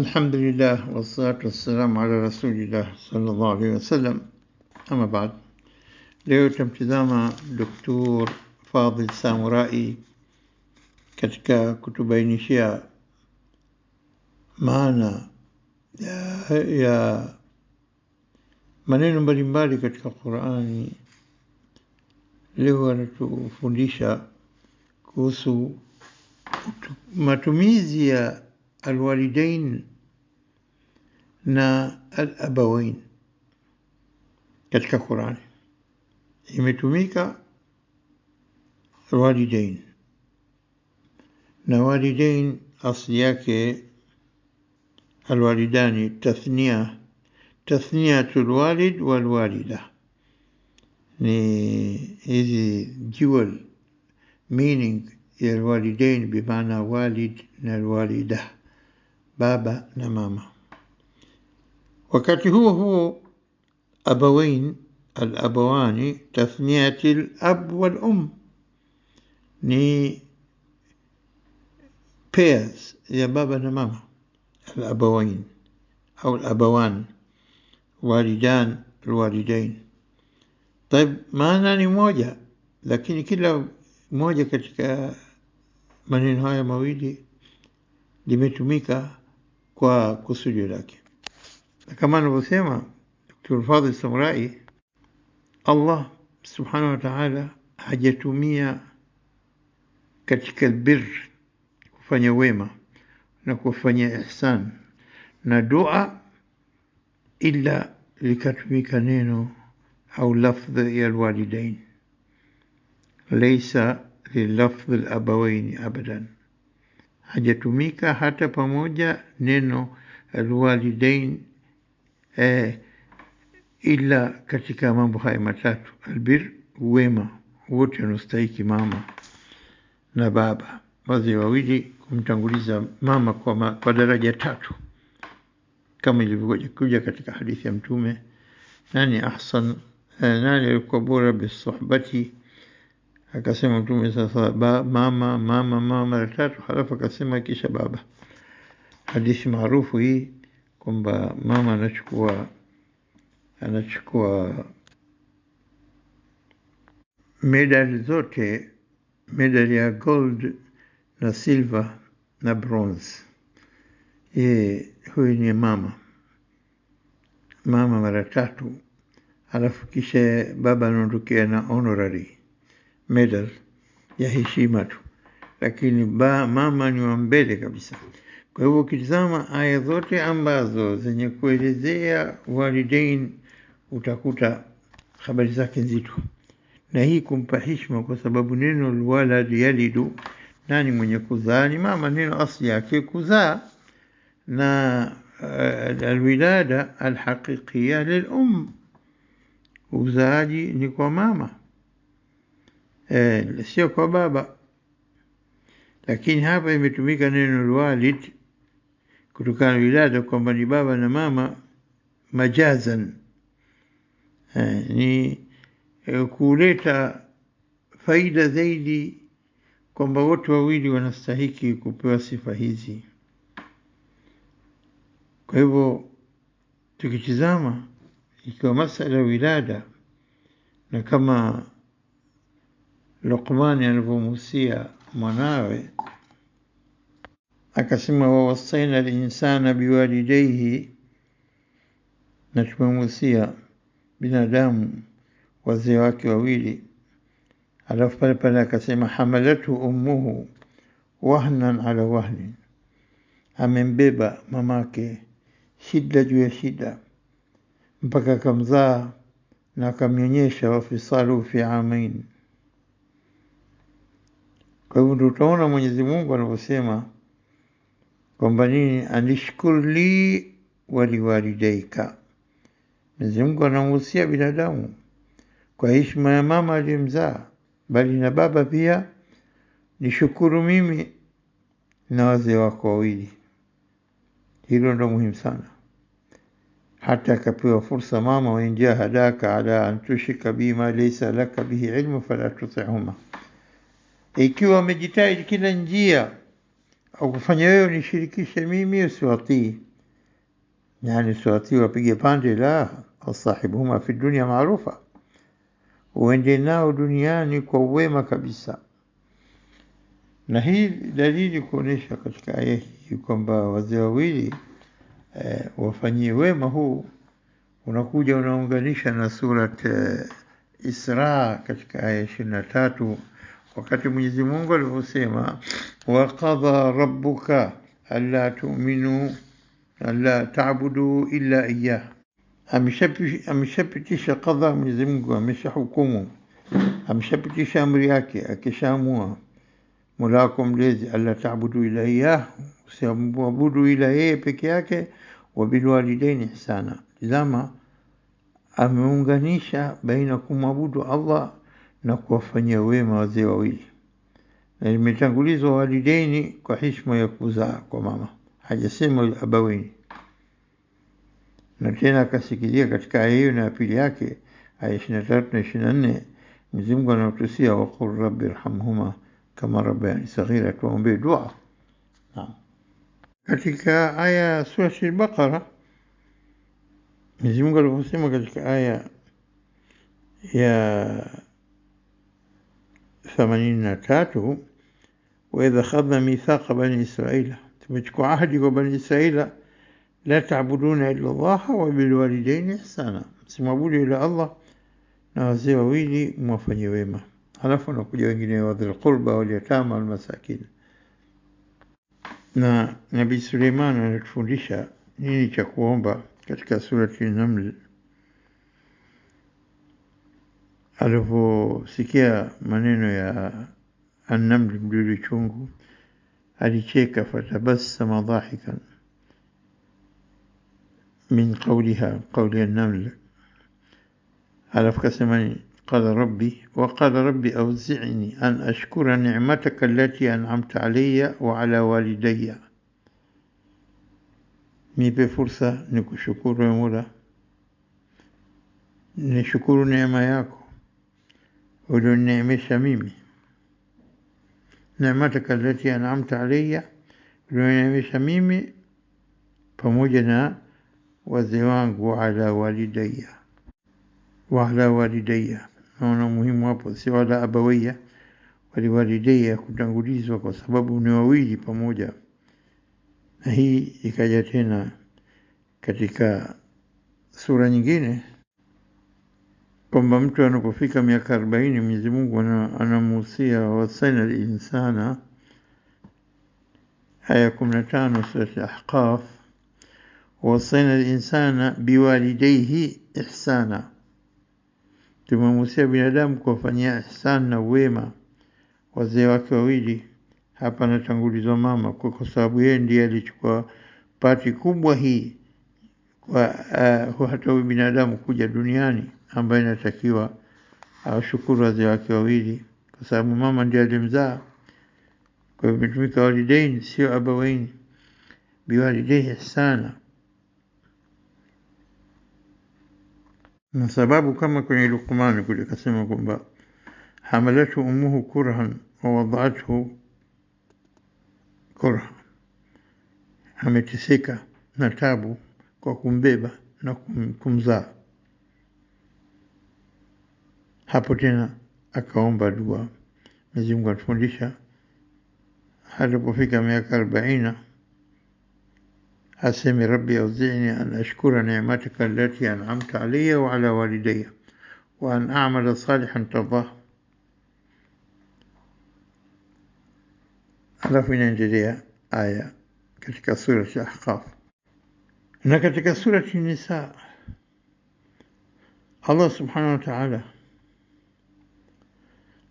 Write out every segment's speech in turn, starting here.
الحمد لله والصلاة والسلام على رسول الله صلى الله عليه وسلم أما بعد ليو تمتزاما دكتور فاضل سامورائي كتكا كتبين شيا مانا يا منين بلين بالي كتك القرآن ليو أنتو فنديشا كوسو ما الوالدين نا الأبوين كتك قرآن إمتوميكا الوالدين نا والدين أصلياك الوالدان تثنية تثنية الوالد والوالدة ني إذي جول مينينج الوالدين بمعنى والد الوالده baba na mama. Wakati huo huo, abawain alabawani tasniati alab walum ni pairs ya baba na mama, alabawain au alabawan, walidan alwalidain. Taib, maana ni moja, lakini kila moja katika maneno haya mawili limetumika kwa kusudio lake. Na kama anavyosema Dr. Fadhil Samrai, Allah subhanahu wa ta'ala hajatumia katika albir kufanya wema na kufanya ihsan na dua ila likatumika neno au lafdhi ya alwalidain laysa lilafdhi alabawain abadan hajatumika hata pamoja neno alwalidain eh, ila katika mambo haya matatu: albir, wema, wote wanaostahiki mama na baba, wazee wawili kumtanguliza mama kwa, ma, kwa daraja tatu, kama ilivyokuja katika hadithi ya Mtume, nani ahsan, eh, nani alikuwa bora bisohbati akasema mtume sasa ba, mama mama mama mara tatu, halafu akasema kisha baba. Hadithi maarufu hii kwamba mama anachukua anachukua medali zote, medali ya gold na silver na bronze. Ye huyu ni mama mama mara tatu, alafu kisha baba anaondokea na honorary medal ya heshima tu, lakini ba, mama ni wa mbele kabisa. Kwa hivyo ukitizama aya zote ambazo zenye kuelezea walidain utakuta habari zake nzito, na hii kumpa heshima, kwa sababu neno lwalad yalidu, nani mwenye kuzaa? Ni mama, neno asli yake kuzaa, na eh, alwilada alhaqiqia lilum, uzaaji ni kwa mama eh, sio kwa baba, lakini hapa imetumika neno lwalid kutokana na wilada kwamba ni baba na mama majazan eh, ni eh, kuleta faida zaidi kwamba wote wawili wanastahiki kupewa sifa hizi. Kwa hivyo tukitizama, ikiwa masala ya wilada na kama Luqmani alivyomhusia mwanawe akasema, wawasaina linsana biwalidaihi, na tumemhusia binadamu wazee wake wawili. Alafu pale pale akasema, hamalathu ummuhu wahnan ala wahnin, amembeba mamake shida juu ya shida mpaka akamzaa na akamnyonyesha. Wafisaluhu fi amain kwa hivyo ndio utaona Mwenyezi Mungu anavyosema kwamba nini, anishkur li waliwalidaika. Mwenyezi Mungu anamhusia binadamu kwa heshima ya mama aliyemzaa, bali na baba pia, nishukuru mimi na wazee wako wawili. Hilo ndo muhimu sana. Hata akapewa fursa mama, wainjahadaka ala antushika bima leisa laka bihi ilmu fala tutihuma ikiwa wamejitahidi kila njia au kufanya wewe nishirikishe mimi, usiwatii yani, usiwatii wapige pande, la asahibuhuma fi dunia maarufa, uende nao duniani kwa uwema kabisa. Na hii dalili kuonesha katika aya hii kwamba wazee wawili eh, wafanyie wema huu unakuja unaunganisha na surat eh, Isra katika aya ishirini na tatu wakati Mwenyezi Mungu aliposema waqadha rabbuka alla tu'minu alla ta'budu illa iyyah, ameshapitisha kadha. Mwenyezi Mungu hukumu ameshapitisha amri yake, akishaamua Mola wako mlezi, alla ta'budu illa iyyah, usiabudu ila yeye peke yake, wa bilwalidaini ihsana. Tizama, ameunganisha baina kumwabudu Allah na kuwafanyia wema wazee wawili, na limetangulizwa walidaini kwa hishma ya kuzaa kwa mama, hajasema abaweni Na tena akasikilia katika aya hiyo na apili yake aya ishirini na tatu na ishirini na nne Mwenyezi anaotusia waqul rabi rhamhuma kama rabbayani saghira, tuwaombee dua. katika aya ya surati lbaqara baqara alivyosema katika aya ya 83 waidha khadha mithaqa bani Israila, tumechukua ahadi kwa bani Israila, la taabuduna illa llaha wa bilwalidaini ihsana, msimwabudu ila Allah na wazee wawili mwafanye wema. Halafu wanakuja wengine wadhil qurba wal yatama Na Nabii Suleiman anatufundisha nini cha kuomba katika surati Naml. Aliposikia maneno ya Annamli mdudu chungu alicheka, fatabassama dhahikan min qawliha, qawli ya Naml. Alafu kasema qala rabbi waqala rabbi awzi'ni an ashkura ni'mataka allati an'amta alayya wa ala walidayya, nipe fursa nikushukuru Mola, nishukuru neema yako ulioninemesha mimi. Ni'mataka allati an'amta alayya, ulioninemesha mimi pamoja na wazee wangu, ala walidayya, wa ala Naona muhimu hapo, si wala abawayya, waliwalidayya kutangulizwa kwa sababu ni wawili pamoja, na hii ikaja tena katika sura nyingine kwamba mtu anapofika miaka arobaini Mwenyezi Mungu anamuhusia wasaina linsana, aya kumi na tano Ahqaf, wasaina linsana biwalidaihi ihsana, tumemuhusia binadamu kuwafanyia ihsan na wema wazee wake wawili. Hapa anatangulizwa mama, kwa sababu yeye ndiye alichukua pati kubwa hii kwa uh, hata binadamu kuja duniani ambaye inatakiwa awashukuru wazee wake wawili, kwa sababu mama ndio alimzaa. Kwa hivyo imetumika walidein sio abawaini. biwalidei sana na sababu kama kwenye lukumani kule kasema kwamba hamalathu ummuhu kurhan wawadhaathu kurha, ameteseka na tabu kwa kumbeba na kumzaa. Hapo tena akaomba dua, Mwenyezi Mungu atufundisha alipofika miaka arobaini aseme rabbi auzi'ni an ashkura ni'mataka allati an'amta alayya wa ala walidayya wa an a'mala salihan tardah. Alafu inaendelea aya katika surati Ahqaf na katika surati Nisa Allah subhanahu wa ta'ala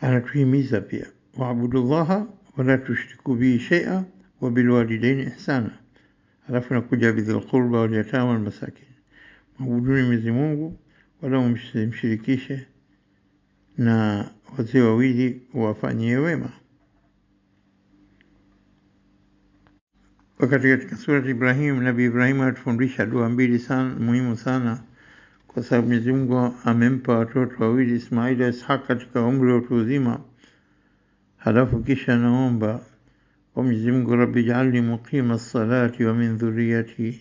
anatuhimiza pia waabudullaha wala tushriku bihi sheia wa bilwalidaini ihsana. Alafu nakuja bidhil qurba wal yatama wal masakin, mwabuduni Mwenyezi Mungu wala mshirikishe na wazee wawili wafanyie wema. Wakati katika surati Ibrahim, Nabii Ibrahim atufundisha dua mbili sana muhimu sana Sasa Mwenyezi Mungu amempa watoto wawili Ismaili na Ishaq katika umri wa utu uzima, halafu kisha naomba kwa Mwenyezi Mungu, rabbi jaalni muqima salati wa min dhuriyati,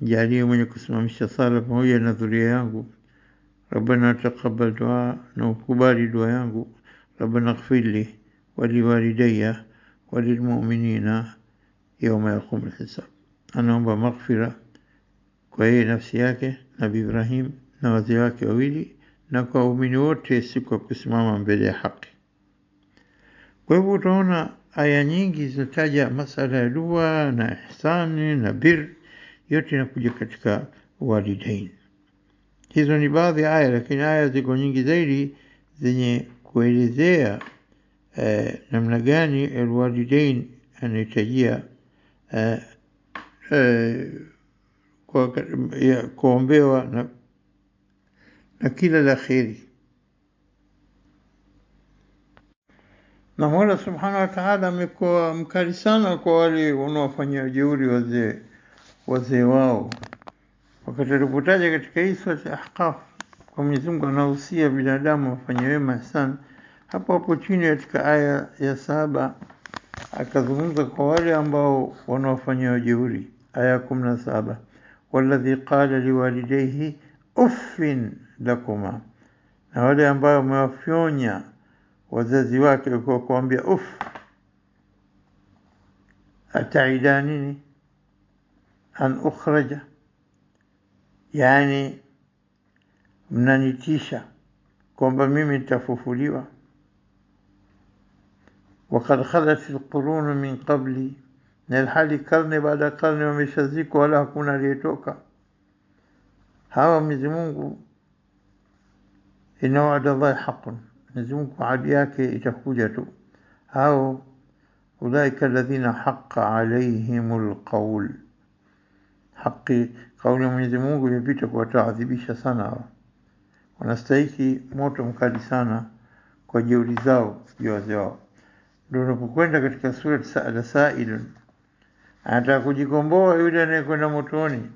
jalie mwenye kusimamisha sala pamoja na dhuria yangu. Rabbana taqabbal dua, na ukubali dua yangu. Rabbana ghfirli waliwalidayya walilmuminina yauma yaqumul hisab, anaomba maghfira kwa yeye nafsi yake Nabii Ibrahim na wazee wake wawili na kwa waumini wote siku ya kusimama mbele ya haki. Kwa hivyo utaona aya nyingi zinataja masala ya dua na ihsani na bir, yote inakuja katika walidain. Hizo ni baadhi ya aya, lakini aya ziko nyingi zaidi zenye kuelezea eh, namna gani alwalidain anahitajia eh, eh, kwa, ya kuombewa na, na kila la kheri. Na Mola subhanahu wa taala amekuwa mkali sana kwa wale wanaofanya jeuri wazee wazee wao. Wakati alipotaja katika hii sura ya Ahqaf kwa Mwenyezi Mungu anahusia binadamu wafanye wema sana, hapo hapo chini katika aya ya saba akazungumza kwa wale ambao wanaofanya jeuri, aya ya kumi na saba. والذي قال liwalidayhi uffin lakuma, na wale ambayo amewafyonya wazazi wake kwa kuambia uff. Ataidanini an ukhraja, yani mnanitisha kwamba mimi nitafufuliwa. Wakad khalat alqurunu min qabli na ilhali karne baada ya karne wameshazikwa wala hakuna aliyetoka hawa Mwenyezi Mungu inna wa'da Allahi haqqun Mwenyezi Mungu ahadi yake itakuja tu hao ulaika alladhina haqqa alaihimul qawl haki kauli ya Mwenyezi Mungu imepita kuwataadhibisha sana hawa wanastahiki moto mkali sana kwa jeuri zao juu wazee wao ndio unapokwenda katika sura Saala Sailun atakujikomboa yule anayekwenda motoni.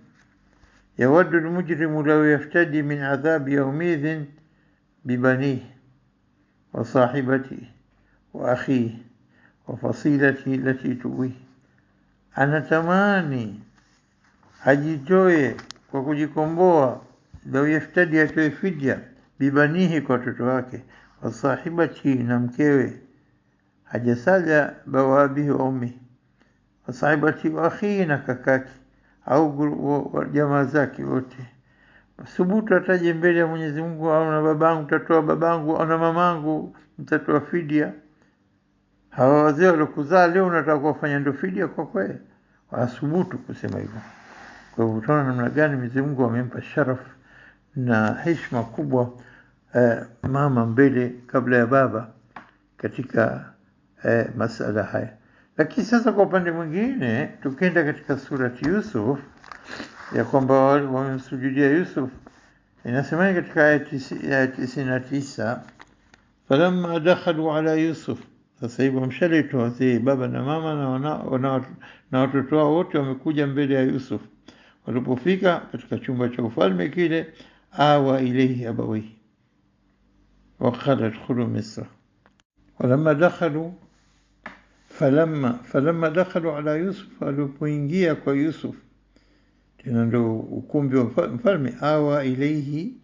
yawaddu lmujrimu lau yaftadi min adhabi yaumidhin bibanihi wa sahibatih wa akhih wa fasilatih lati tuwih anatamani ajitoe kwa kujikomboa. Lau yaftadi, atoe fidya bibanihi, kwa watoto wake, wa sahibatihi, na mkewe, hajasaja bawabihi wa ummihi wasaibati akhihi na kakake au jamaa zake wote. Thubutu ataje mbele ya Mwenyezi Mungu, au na babangu tatoa babangu, au na mamangu mtatoa fidia. Hawa wazee waliokuzaa leo unataka kuwafanya ndo fidia? Kwa kweli wanathubutu kusema hivyo. Kwa hivyo utaona namna gani Mwenyezi Mungu amempa sharafu na heshima kubwa eh, mama mbele kabla ya baba katika eh, masala haya. Lakini sasa kwa upande mwingine, tukienda katika surati Yusuf ya kwamba wamemsujudia Yusuf, inasemani katika aya tisini na tisa falamma dakhalu ala Yusuf. Sasa hivi wamshaletwa wazee, baba na mama na watoto wao wote wamekuja mbele ya Yusuf. Walipofika katika chumba cha ufalme kile, awa ilaihi abawaihi wakala dkhulu misra walamma dakhalu falamma falamma dakhalu ala Yusuf, alipoingia kwa Yusuf tena ndo ukumbi wa mfalme, awa ilaihi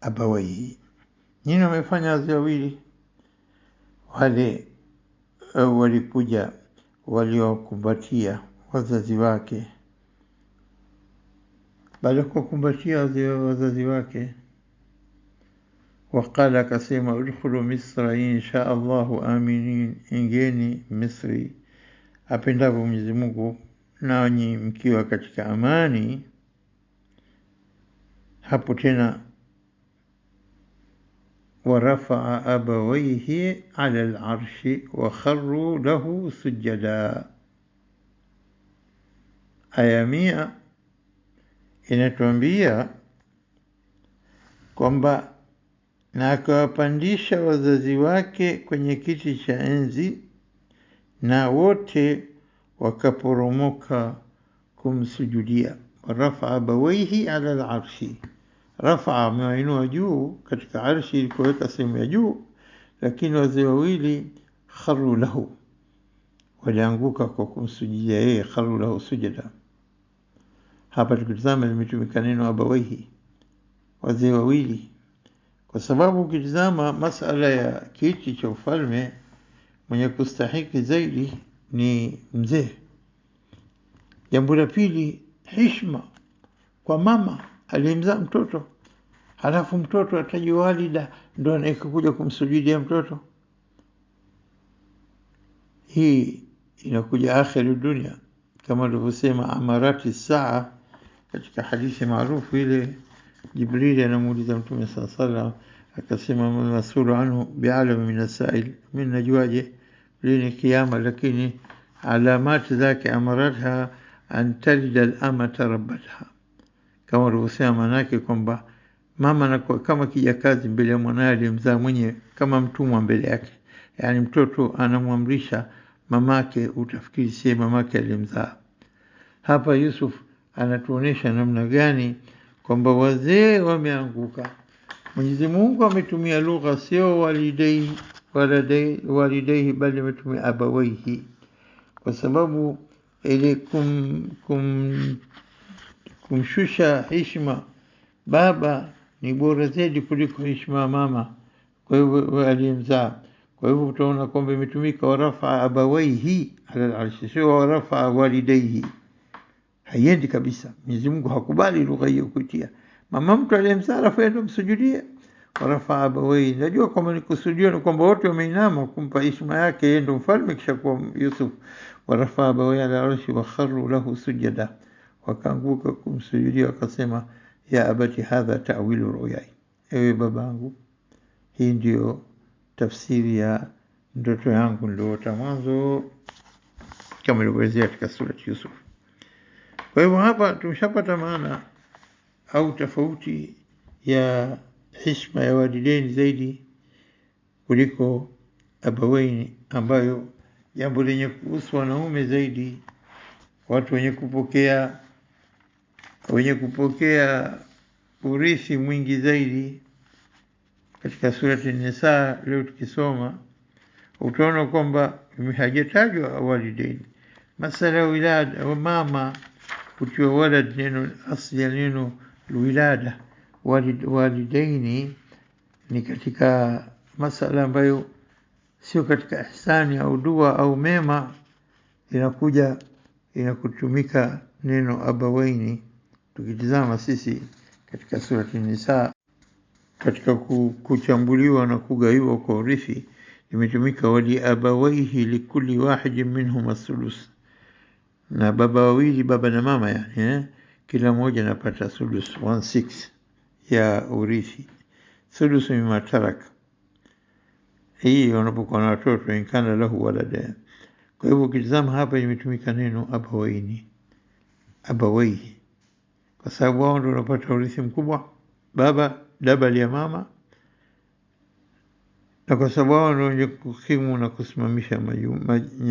abawaihi. Nini wamefanya wazee wawili wale? Uh, walikuja waliokumbatia wazazi wake. Baada ya kuwakumbatia wazazi wake وقال كسيما ادخلوا مصر إن شاء الله آمنين ingeni Misri apendavyo Mwenyezi Mungu nanyi mkiwa katika amani. Hapo tena ورفع أبويه على العرش وخروا له سجدا aya mia inatuambia kwamba na akawapandisha wazazi wake kwenye kiti cha enzi, na wote wakaporomoka kumsujudia. Rafaa abawaihi ala larshi, rafaa amewainua juu katika arshi ilikuweka sehemu ya juu, lakini wazee wawili kharu lahu, walianguka kwa kumsujudia yeye, kharu lahu sujada. Hapa tukitazama limetumika neno abawaihi, wazee wawili kwa sababu ukitizama masala ya kiti cha ufalme mwenye kustahiki zaidi ni mzee. Jambo la pili, heshima kwa mama aliyemzaa mtoto, halafu mtoto ataji walida ndo anayekuja kumsujudia mtoto. Hii inakuja akhiru dunia, kama alivyosema amarati saa katika hadithi maarufu ile Jibrili anamuuliza Mtume saa salam, akasema malmasulu anhu bialami min asail, mi najuaje lini kiama, lakini alamati zake amaratha an talida alamata rabbatha, kama alivyosema maanake kwamba mama anakuwa kama kijakazi mbele ya mwanaye aliyemzaa mwenyewe, kama mtumwa mbele yake. Yani mtoto anamwamrisha mamake, utafikiri sie mamake aliyemzaa. Hapa Yusuf anatuonyesha namna gani kwamba wazee wameanguka. Mwenyezi Mungu ametumia lugha sio walidei bali ametumia abawaihi, kwa sababu ili kum, kum, kumshusha heshima baba ni bora zaidi kuliko hishma ya mama, kwa aliyemzaa. Kwa hivyo utaona kwamba imetumika warafaa abawaihi ala larshi, sio warafaa walidaihi haiendi kabisa. Mwenyezi Mungu hakubali lugha hiyo kuitia. Mama mtu aliyemzaa afu ndo msujudie, warafaa abawai. Najua kwamba nikusudio ni kwamba wote wameinama kumpa heshima yake, yeye ndo mfalme kisha kuwa Yusuf. Warafaa abawai ala arshi wakharu lahu sujada, wakaanguka kumsujudia, wakasema ya abati hadha ta'wilu ruyai, ewe babangu, hii ndio tafsiri ya ndoto yangu niliota mwanzo, kama ilivyoelezea katika surati Yusuf. Kwa hivyo hapa tumeshapata maana au tofauti ya hishma ya walidaini zaidi kuliko abawaini, ambayo jambo lenye kuhusu wanaume zaidi, watu wenye kupokea wenye kupokea urithi mwingi zaidi. Katika surati Nisaa leo tukisoma, utaona kwamba hajatajwa walideni, masala ya wilada wa mama ukiwa walad neno asli ya neno wilada walidaini ni katika masala ambayo sio katika ihsani au dua au mema, inakuja inakutumika neno abawaini. Tukitizama sisi katika surati Nisa, katika kuchambuliwa na kugaiwa kwa urithi, limetumika waliabawaihi likulli wahidin minhuma thuluth na baba wawili, baba na mama yani eh? Kila mmoja anapata sudus ya urithi. sudus ni matarak hii wanapokuwa na watoto, inkana lahu walada. Kwa hivyo ukitizama hapa imetumika neno abawaini, abawaihi, kwa sababu wao ndio wanapata urithi mkubwa, baba dabali ya mama, na kwa sababu wao ndio wenye kukimu na kusimamisha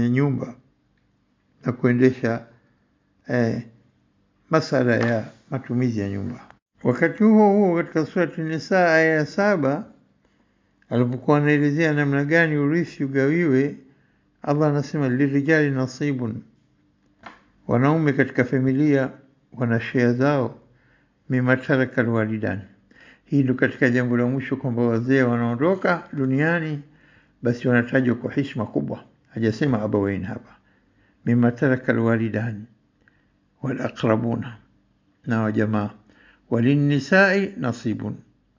nyumba na kuendesha eh, masala ya matumizi ya nyumba. Wakati huo huo, katika surati Nisaa aya ya saba alipokuwa anaelezea namna gani urithi ugawiwe, Allah anasema lirijali nasibun, wanaume katika familia wana shea zao, mimataraka alwalidani. Hii ndio katika jambo la mwisho kwamba wazee wanaondoka duniani, basi wanatajwa kwa heshima kubwa. Hajasema abawain hapa mimma taraka alwalidani walaqrabuna na wajamaa walinisai nasibun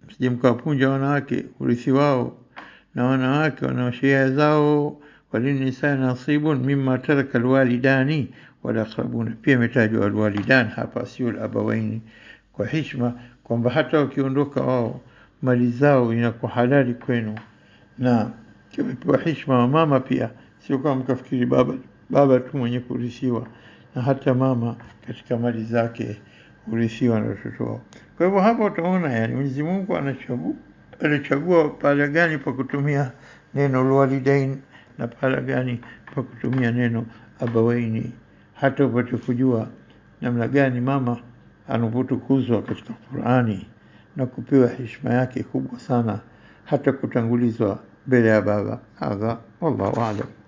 msije mkawapunja wanawake urithi wao na wanawake wanaoshea zao walinisai nasibun mimma taraka alwalidani walaqrabuna pia imetajwa alwalidan hapa sio alabawaini kwa hishma kwamba hata wakiondoka wao mali zao inakuwa halali kwenu na kimepewa hishma wa baba tu mwenye kurithiwa na hata mama katika mali zake hurithiwa na watoto wao. Kwa hivyo hapa utaona yani Mwenyezi Mungu anachagua alichagua pahala gani pa kutumia neno lwalidain na pahala gani pa kutumia neno abawaini, hata upate kujua namna gani mama anavyotukuzwa katika Qur'ani na kupewa heshima yake kubwa sana, hata kutangulizwa mbele ya baba. Hadha wallahu aalam.